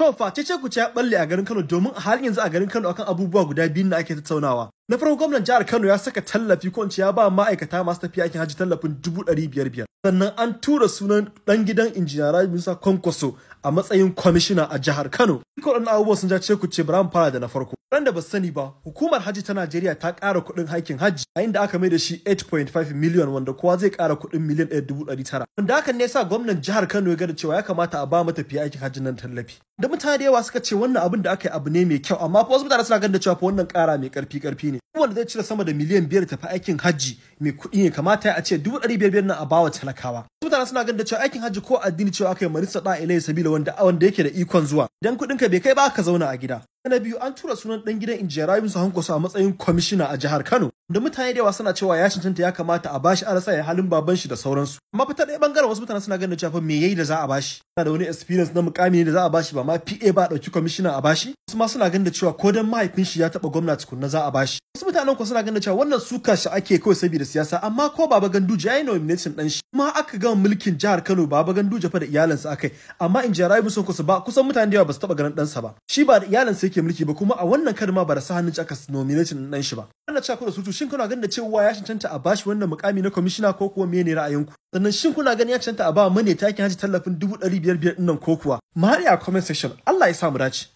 To fa ce ku ya balle a garin Kano domin a halin yanzu a garin Kano akan abubuwa guda biyu da ake tattaunawa. Na farko gwamnan jihar Kano ya saka tallafi ko ya ba ma'aikata masu tafiya aikin hajji tallafin dubu ɗari biyar biyar. Sannan an tura sunan ɗan gidan injiniya Rabi Musa Kwankwaso a matsayin kwamishina a jihar Kano. Duk ɗan abubuwa sun ja ce ku ce bara fara da na farko. Ran da ba sani ba, hukumar hajji ta Najeriya ta ƙara kuɗin haikin hajji a inda aka mai da shi 8.5 miliyan wanda kowa zai ƙara kuɗin miliyan ɗaya dubu ɗari tara. Wanda hakan ne sa gwamnan jihar Kano ya gada cewa ya kamata a ba matafiya aikin hajji nan tallafi. Da mutane da yawa suka ce wannan abin da aka yi abu ne mai kyau amma wasu mutane suna ganin da cewa wannan ƙara mai ƙarfi ƙarfi ne. ne wanda zai cire sama da miliyan biyar tafi aikin hajji mai kuɗi ne kamata a ce dubu ɗari biyar biyar na a bawa talakawa mutane suna ganin da cewa aikin hajji ko addini cewa aka yi marisa da ilai sabila wanda wanda yake da ikon zuwa idan kuɗin ka bai kai ba ka zauna a gida na biyu an tura sunan dan gidan injera Yunus Hankoso a matsayin kwamishina a jihar Kano da mutane da yawa suna cewa ya cancanta ya kamata a bashi arasa ya halin baban shi da sauransu amma fitar ɗaya bangaren wasu mutane suna ganin cewa me yayi da za a bashi yana da wani experience na mukami ne da za a bashi ba ma PA ba dauki kwamishina a bashi wasu ma suna ganin cewa ko dan mahaifin shi ya taba gwamna tukunna za a bashi wasu mutanen ku suna ganin cewa wannan suka shi ake kawai saboda siyasa amma ko baba ganduje yi nomination dan shi kuma aka gama mulkin jihar Kano baba ganduje fa da iyalansa akai amma in jira musu sun ba kusan mutane da yawa ba su taba ganin ɗansa ba shi ba da iyalansa yake mulki ba kuma a wannan karin ma ba da sa hannun aka nomination dan shi ba wannan cewa da sutu shin kuna ganin da cewa ya cancanta a bashi wannan mukami na commissioner ko kuwa menene ra'ayinku sannan shin kuna ganin ya cancanta a ba mane takin haji tallafin dubu ɗari biyar biyar ɗin nan ko kuwa mahari a comment section Allah ya sa mu dace